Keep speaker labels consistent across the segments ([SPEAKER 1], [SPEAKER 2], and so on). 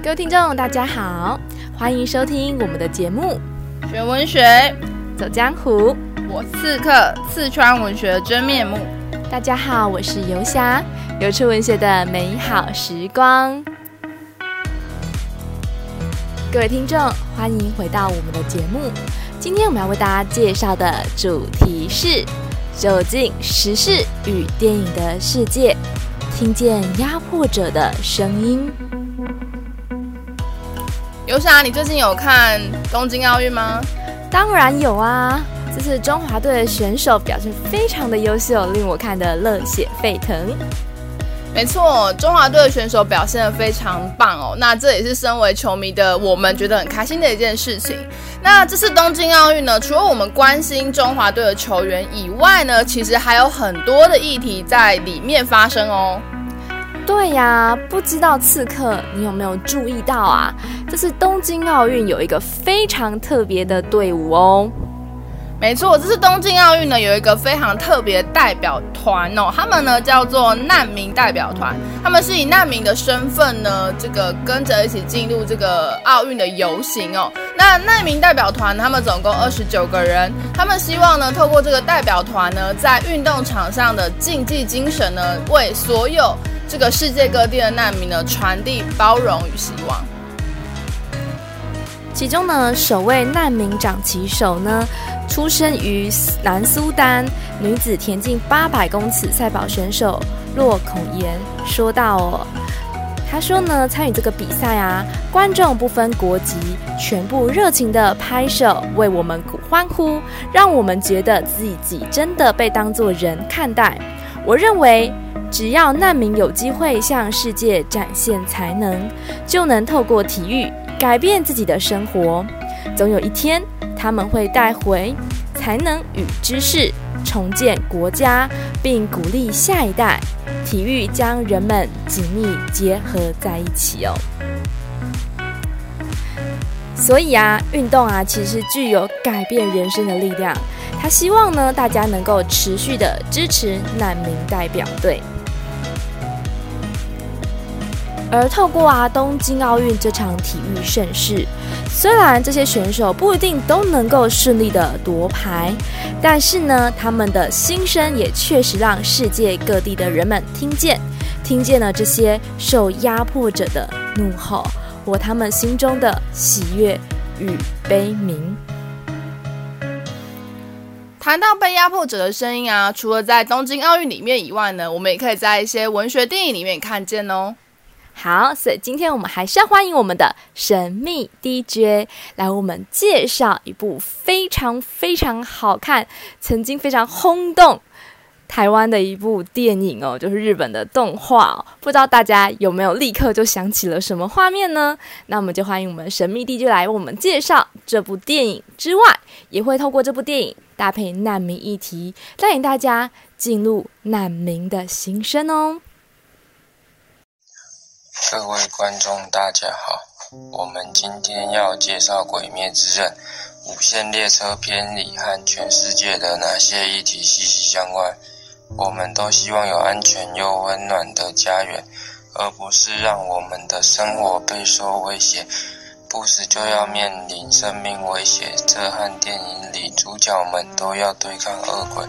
[SPEAKER 1] 各位聽眾，大家好，歡迎收聽我們的節目《學文學走江湖》，我刺客刺穿文學的真面目。大家好，我是遊俠，游出文學的美好時光。各位聽眾，歡迎回到我們的節目。今天我們要為大家介紹的主題是走進時事與電影的世界，聽見壓迫者的聲音。遊俠，你最近有看東京奧運嗎？當然有啊！這次中華隊的選手表現非常的優秀，令我看得熱血沸騰。沒錯，中華隊的選手表現的非常棒哦。那這也是身為球迷的我們覺得很開心的一件事情。那這次東京奧運呢，除了我們關心中華隊的球員以外呢，其實還有很多的議題在裡面發生哦。對呀，不知道刺客你有沒有注意到啊？這是東京奧運有一個非常特別的隊伍哦。沒錯，這是東京奧運呢有一個非常特別的代表團哦。他們呢叫做難民代表團，他們是以難民的身份呢，這個跟着一起進入這個奧運的遊行哦。那難民代表團他們總共二十九個人，他們希望呢透過這個代表團呢，在運動場上的競技精神呢，為所有。這個世界各地的難民呢，傳遞包容與希望。其中呢，首位難民掌旗手呢，出生於南蘇丹女子田徑八百公尺賽跑選手洛孔言說道：「哦，她說呢，參與這個比賽啊，觀眾不分國籍，全部熱情地拍攝為我們鼓歡呼，讓我們覺得自己，自己真的被當作人看待。」我認為，只要難民有機會向世界展現才能，就能透過體育改變自己的生活。總有一天，他們會帶回才能與知識，重建國家，並鼓勵下一代。體育將人們緊密結合在一起哦。所以啊，運動啊，其實具有改變人生的力量。他希望呢，大家能夠持續的支持難民代表隊。而透過啊東京奧運這場體育盛事，雖然這些選手不一定都能夠順利的奪牌，但是呢，他們的心聲也確實讓世界各地的人們聽見，聽見了這些受壓迫者的怒吼和他們心中的喜悅與悲鳴。談到被壓迫者的聲音啊，除了在東京奧運裡面以外呢，我們也可以在一些文學電影裡面看見哦。好，所以今天我們還是要歡迎我們的神秘 DJ 來為我們介紹一部非常非常好看、曾經非常轟動台灣的一部電影哦，就是日本的動畫哦。不知道大家有沒有立刻就想起了什麼畫面呢？那我們就歡迎我們神秘 DJ 來為我們介紹這部電影之外，也會透過這部電影。搭配難民議題，帶領大家進入難民的心聲哦。各
[SPEAKER 2] 位觀眾大家好，我們今天要介紹《鬼滅之刃》《無限列車》篇裡，和全世界的哪些議題息息相關？我們都希望有安全又溫暖的家園，而不是讓我們的生活備受威脅。不死就要面臨生命威脅，這和電影裡主角們都要對抗惡鬼，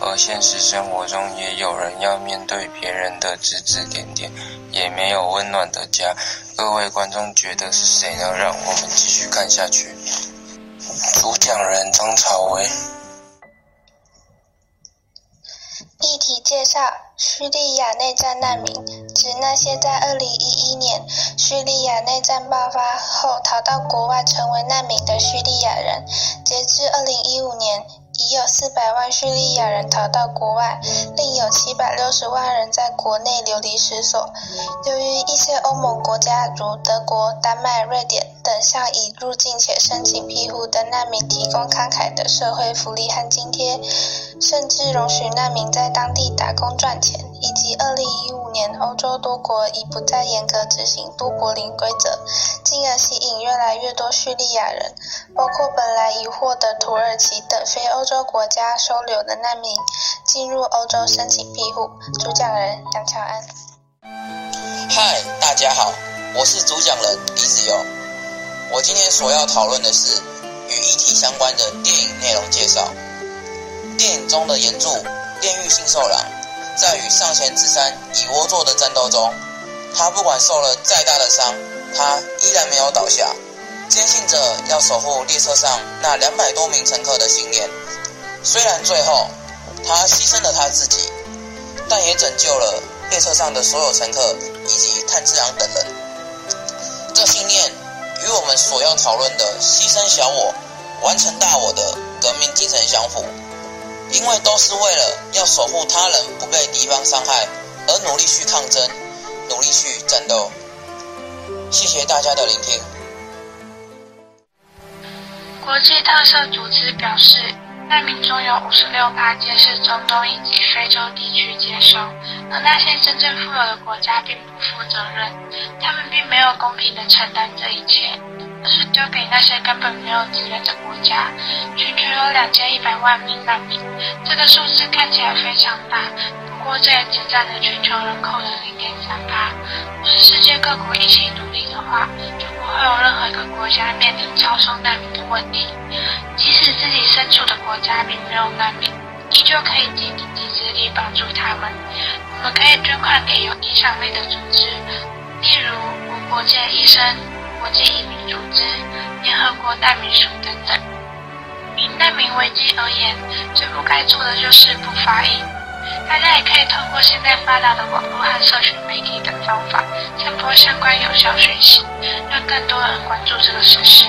[SPEAKER 2] 而現實生活中也有人要面對別人的指指點點，也沒有溫暖的家。各位觀眾覺得是誰呢？讓我們繼續看下去。主講人張朝偉，
[SPEAKER 3] 議題介紹敘利亞內戰難民。指那些在2011年敘利亞內戰爆發後逃到國外成為難民的敘利亞人。截至2015年，已有400萬敘利亞人逃到國外，另有760萬人在國內流離失所。由於一些歐盟國家如德國、丹麥、瑞典等向已入境且申請庇護的難民提供慷慨的社會福利和津貼，甚至容許難民在當地打工賺錢。以及二零一五年，歐洲多國已不再嚴格執行都柏林規則，進而吸引越來越多敘利亞人，包括本來已獲得土耳其等非歐洲國家收留的難民，進入歐洲申請庇護。主講人楊巧安。
[SPEAKER 1] 嗨，大家好，我是主講人李子勇。我今天所要討論的是與議題相關的電影內容介紹。
[SPEAKER 2] 電影中
[SPEAKER 1] 的原著《煉獄杏壽郎》。在與上弦之參猗窩座的戰鬥中，他不管受了再大的傷，他依然沒有倒下，堅信着要守護列車上那兩百多名乘客的信念。雖然最後他犧牲了他自己，但也拯救了列車上的所有乘客以及炭治郎等人。這信念與我們所要討論的犧牲小我、完成大我的革命精神相符。因為都是為了要守護他人不被敵方傷害而努力去抗爭，努力去戰鬥。
[SPEAKER 2] 謝謝大家的聆聽。
[SPEAKER 3] 國際特赦組織表示，難民中有五十六趴皆是中東以及非洲地區接收，而那些真正富有的國家並不負責任，他們並沒有公平地承擔這一切。而是丟給那些根本沒有資源的國家。全球有兩千一百萬名難民，這個數字看起來非常大，不過這也只佔了全球人口的零點三八。如果世界各國一起努力的話，就不會有任何一個國家面臨超生難民的問題。即使自己身處的國家並沒有難民，依舊可以盡自己之力幫助他們。我們可以捐款給有影響力的組織，例如無國界醫生。國際移民組織、聯合國難民署等等。以難民危機，而言最不該做的就是不發言。大家也可以通過現在發達的網絡和社群媒體等方法，傳播相關有效訊息，讓更多人關注這個事實。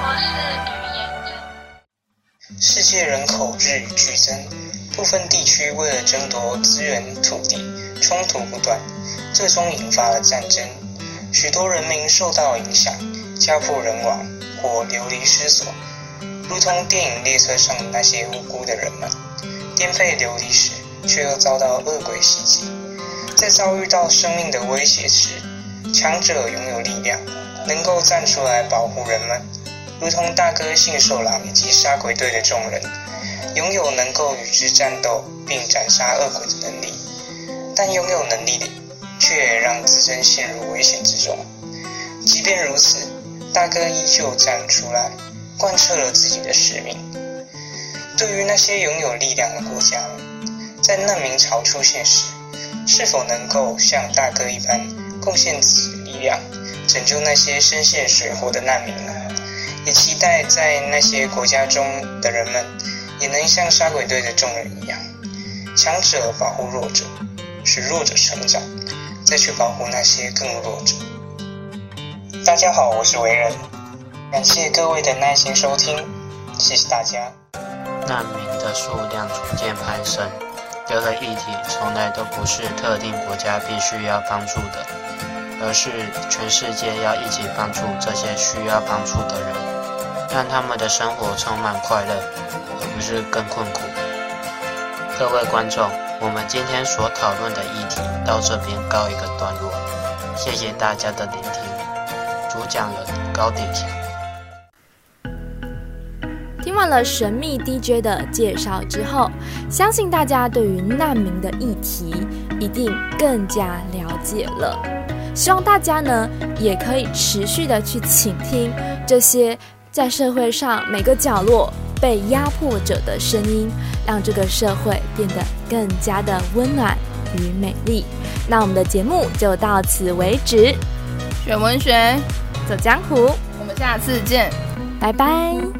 [SPEAKER 3] 我是呂彥
[SPEAKER 2] 珍。世界人口日益劇增，部分地區為了爭奪資源、土地，衝突不斷，最終引發了戰爭，許多人民受到影響，家破人亡或流離失所，如同電影列車上的那些無辜的人們，顛沛流離時卻又遭到惡鬼襲擊，在遭遇到生命的威脅時，強者擁有力量，能夠站出來保護人們，如同大哥杏壽郎以及殺鬼隊的眾人，擁有能夠與之戰鬥並斬殺惡鬼的能力。但擁有能力的，卻讓自身陷入危險之中。即便如此，大哥依舊站出來，貫徹了自己的使命。對於那些擁有力量的國家，在難民潮出現時，是否能夠像大哥一般貢獻自己的力量，拯救那些身陷水火的難民呢？也期待在那些國家中的人們，也能像殺鬼隊的眾人一樣，強者保護弱者。是弱者成長，再去保護那些更弱者。大家好，我是維仁，感謝各位的耐心收聽，謝謝大家。
[SPEAKER 3] 難民的數量逐漸攀升，這個議題從來都不是特定國家必須要幫助的，而是全世界要一起幫助這些需要幫助的人，讓他們的生活充滿快樂，而不是更困苦。各位觀眾。我們今天所討論的議題到這邊告一個段落，謝謝大家的聆聽。主講人高定霞。
[SPEAKER 1] 聽完了神秘 DJ 的介紹之後，相信大家對於難民的議題一定更加了解了。希望大家呢也可以持續的去傾聽這些在社會上每個角落被壓迫者的聲音，讓這個社會變得更加的溫暖與美麗。那我們的節目就到此為止，學文學，走江湖，我們下次見，拜拜。